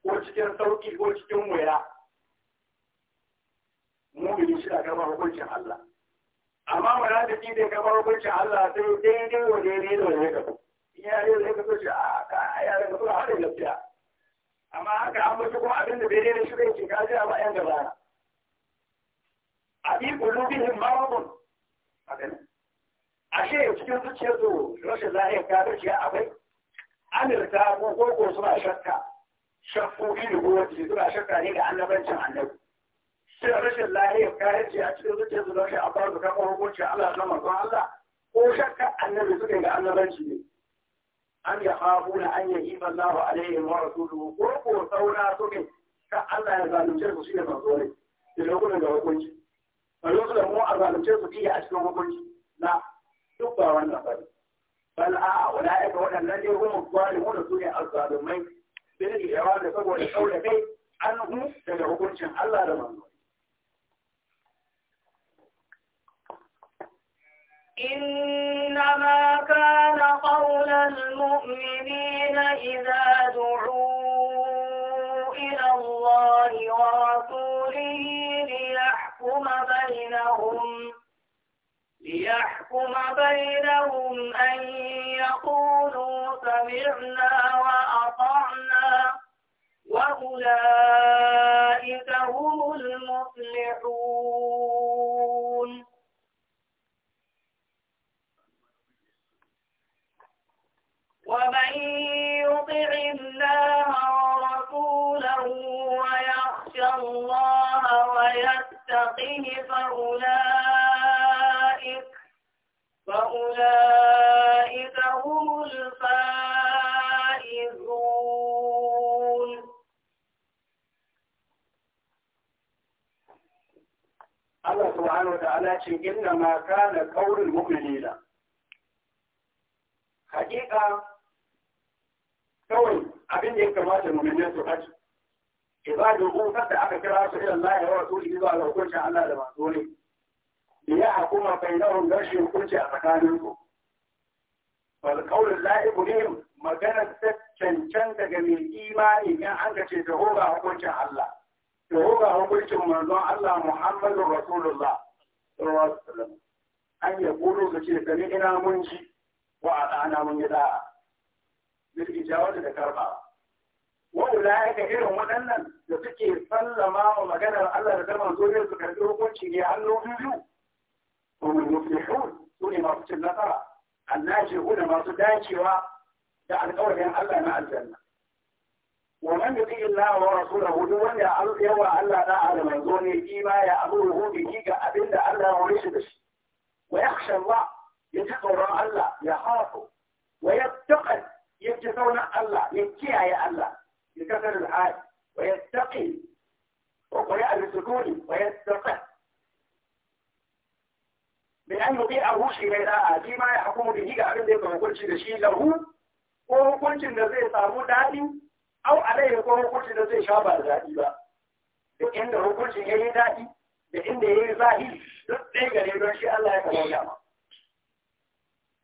ko cikin sauƙi ko cikin wuya mumini shi da gaba hukuncin Allah amma munafiki bai gaba hukuncin Allah sai dai-daiwa dai wa daidai da wani gaba ya yi zai kaso shi a ah, ka ya zai a hada gaskiya amma haka an mutu kuma abinda bai daidai shi bai ce ka a bayan gaba a fi qulubihim maradun cikin su rashin akwai shakka da shakka ne ga annabancin annabi sai rashin a cikin zuciyar su rashin abar da kafa hukunci Allah Allah ko shakka annabi ga annabanci ne an ya hafu an yi ka Allah ya zalunce su shi ne manzo da hukunci a lokacin mu a zalunce su fiye a cikin hukunci na duk ba wannan bane bal a ulai ga waɗannan ne kuma zalimu da su ne azzalumai bin yawa da saboda kaura kai an hu daga hukuncin Allah da manzo إنما كان قول المؤمنين إذا دعوا إلى الله ورسوله تحكم بينهم أن يقولوا سمعنا وأطعنا وأولئك هم المفلحون ومن يطع الله ورسوله ويخشى الله ويتقه فأولئك فأولئك هم الفائزون الله سبحانه وتعالى إنما كان قول المؤمنين kawai abin da ya kamata mummune su haji ibadu ko kada aka kira su ila Allah su wa rasuli zuwa Allah da masu ne ya bai bainahum rashin hukunci a tsakanin su wal qawl la'ibu bihim magana ta cancanta ga mai imani in an ka ce Jehova hukuncin Allah Jehova hukuncin manzon Allah Muhammadu Rasulullah sallallahu alaihi wasallam an ya kudu ka ce sami ina mun ji wa ana mun yi da'a bil ijawati da karba wa ulaika irin waɗannan da suke sallama wa maganar Allah da ta manzo ne su karɓi hukunci ne hannu biyu هم المفلحون هنا ما رسلنا ترى الناجي ما رسلنا شواء يعني قول يا ألا ما أنزلنا ومن يطيع الله ورسوله هو يا الله يا الله لا على من دوني فيما يا ابو هو بيجي قبل الله ويخشى الله يتقوى الله يخاف ويتقن يتقون الله يتقي يا الله يكثر الحاج ويتقي وقرأ ويتقن bai يطيعه شي mai da'a shi ma ya hukumu da ga abin da ya hukunci da shi lahu ko hukuncin da zai samu daɗi au alaihi ko hukuncin da zai sha ba daɗi ba Da inda hukuncin ya yi daɗi da inda ya yi zahi duk ɗaya gare don shi Allah ya kamar yama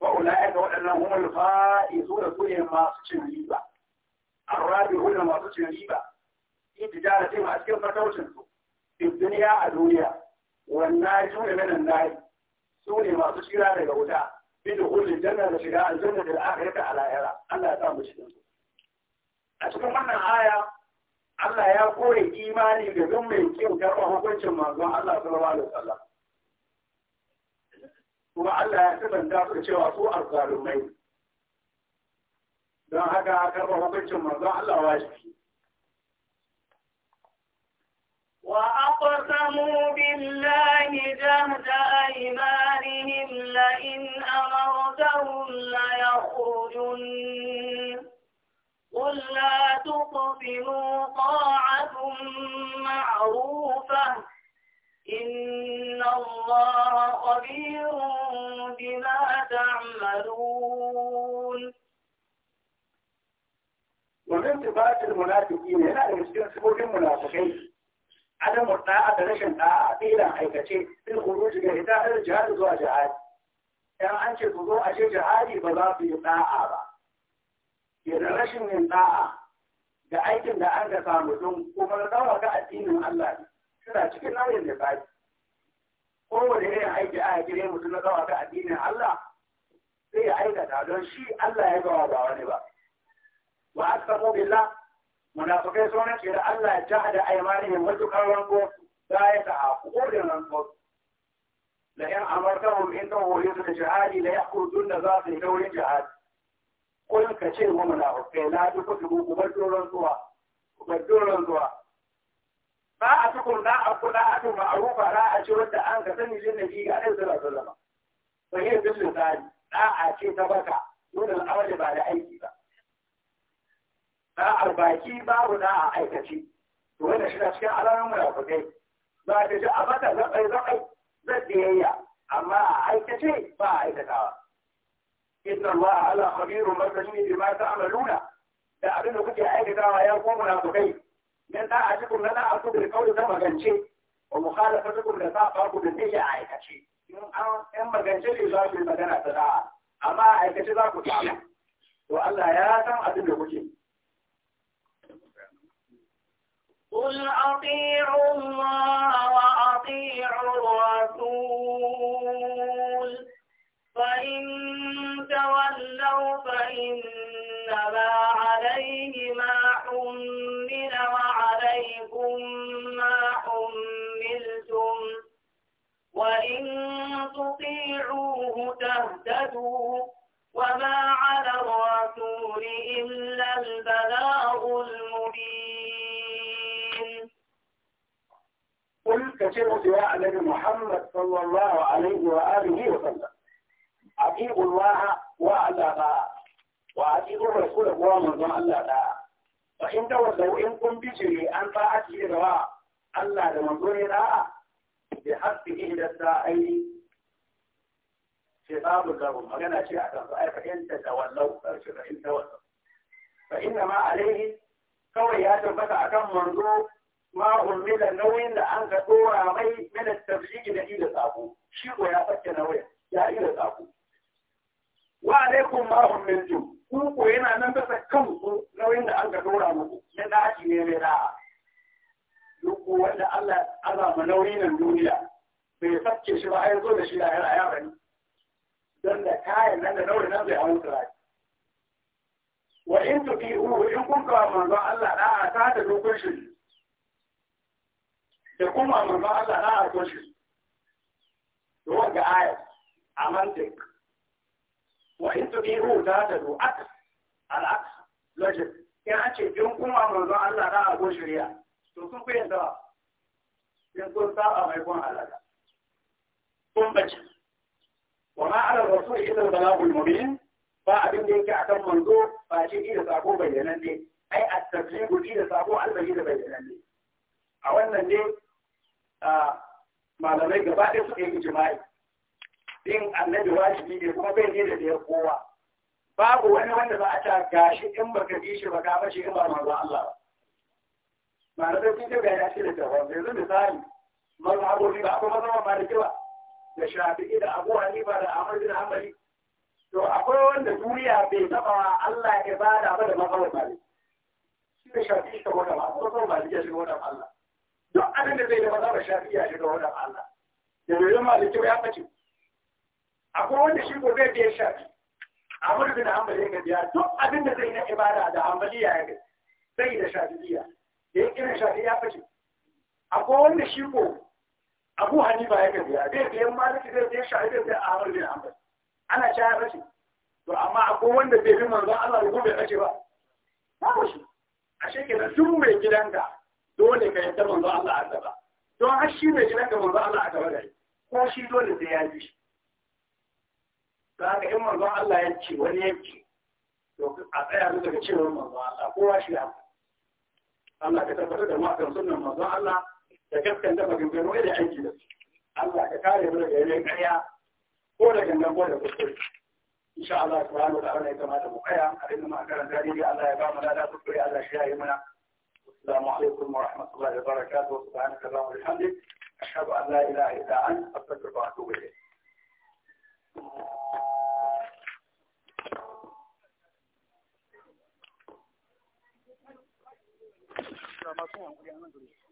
wa ula'ika waɗannan humul fa'izu da sune masu cin riba arrabi hulna masu cin riba in tijara ce a cikin fataucin su duniya a duniya wannan juna minan nari su ne masu shira daga wuta bi da hulun janna da shiga aljanna da akhirata a lahira Allah ya samu cikin su a cikin wannan aya Allah ya kore imani ga duk mai kin karɓar hukuncin manzon Allah sallallahu alaihi wasallam kuma Allah ya sabanta su cewa su azzalumai don haka karɓar hukuncin manzon Allah wajibi وأقسموا بالله جهد أيمان لئن أمرتهم ليخرجن قل لا تقسموا طاعة معروفة إن الله خبير بما تعملون ومن صفات المنافقين هنا المسلمين سبوك المنافقين عدم الطاعة رشن طاعة إلى حيكتين في الخروج إلى إداء الجهاد وجهاد Idan an ce ku zo a ce jihadi ba za su yi da'a ba da rashin yin da'a da aikin da an ga samu don kuma na dawa ga addinin Allah ne suna cikin nauyin da ba kowane irin aiki a gire mutum na dawa ga addinin Allah sai ya aikata don shi Allah ya gawa ba wani ba wa aqsamu billah munafiqai sun ce da Allah ya jahada aymanihim wa wanko da ya hafu ko da wanko. لئن أمرتهم إنه يسر جهادي ليخرجن ذات دور جهاد قل كشيء ومنافقين لا تكتبوا كبدر رزوا كبدر رزوا ba a tukun na a kula a tun a ce wadda an ka sani jin nabi ga ɗan zira zira ba yin bisu tsari na a ce ta baka nuna al'amari ba da aiki ba na a baki babu na a aikace to da shi na cikin alamun munafukai ba da ji a bata zaɓai zaɓai da biyayya amma a aikace ba a aikatawa inna Allah ala khabirun basirun bima ta'maluna da abin da kuke aikatawa ya ko munafikai dan da ajikum na da aku da magance wa mukhalafatukum da safa ku da take aikace in an yan magance ne za ku magana ta da amma a aikace za ku tsaya to Allah ya san abin da kuke قل أطيعوا الله وأطيعوا الرسول فإن تولوا فإنما عليه ما حمل وعليكم ما حملتم وإن تطيعوه تهتدوا كثير دعاء النبي محمد صلى الله عليه وآله وسلم أطيعوا الله وعلى طاعة وأطيعوا الرسول ومن على طاعة فإن تولوا إن كنت بجري أن طاعته رواء ألا لمنظور طاعة بحق إحدى الساعين خطاب لهم وأنا شيء فإن تتولوا فإن تولوا فإنما عليه kawai هذا tabbata كم منظور ma ummila nauyin da an ka dora mai min tabliqi da ila sabo shi ko ya fake nauyin ya ila sabo wa alaikum ma ummiltu ku ko yana nan bisa kanku nauyin da an ka dora muku na daji ne mai da duk wanda Allah azama nauyin nan duniya bai sace shi ba ai zo da shi da ya bani dan da kayan nan da nauyin nan bai hausa rai wa in tuqi'u in kun ka manzo Allah da'a ta da dokokin shi da kuma manzo Allah na a kushe to wanga aya a mantik wa in tubiru ta da du'at al-aqs logic in an ce in kuma manzo Allah na a kushe ya to sun fi yadda in kun saba mai kun halaka kun bace wa ma ala rasul illa balagul mubin ba abin da yake akan manzo ba shi iya sako bayyanan ne ai at-tabligu da sako albayi da bayyanan ne a wannan ne malamai gaba ɗaya suke yi jima'i din annabi wajibi ne kuma bai ne da biyar kowa babu wani wanda za a ta gashi in baka ka shi ba ka bace in ba manzo Allah ba malamai sun ce bai shi da tawon yanzu misali mazhabobi ba akwai mazhaban maliki ba da shafi'i da abu hanifa da ahmad bin hanbali to akwai wanda duniya bai taba wa Allah ibada ba da mazhaban maliki shi da shafi'i shi ka wata ba da maliki shi ka wata Allah duk abin da zai da mazhabar shafi'iyya shi ga wannan Allah da bai zama da kyau ya bace akwai wanda shi ko zai biya shafi a Ahmad bin Hanbal ya gajiya. duk abin da zai na ibada da Hanbaliya ya zai yi da shafi'iyya da irin shafi ya bace akwai wanda shi ko Abu Hanifa ya gajiya. zai biya Maliki zai biya Shafi'i zai a Ahmad bin Hanbal ana cewa ya bace to amma akwai wanda bai bi manzon Allah da bai bace ba babu shi ashe kenan duk mai gidanka dole ka yadda manzo Allah a gaba don har shi ne shi ga manzo Allah a gaba gari ko shi dole sai ya bi shi kaga in manzo Allah ya ce wani ya ce to a tsaya mu daga cewa manzo Allah kowa shi ya Allah ka tabbatar da mu akan manzo Allah da gaskanta maganganu da aiki da su Allah ka kare mu daga yanayin ƙarya ko da gangan ko da kuskure insha Allah subhanahu wa ta'ala ya kamata mu tsaya a inda ma karanta dai Allah ya ba mu lada kuskure Allah shi ya yi mana السلام عليكم ورحمة الله وبركاته سبحانك اللهم وبحمدك أشهد أن لا إله إلا أنت أستغفرك وأتوب إليك Gracias.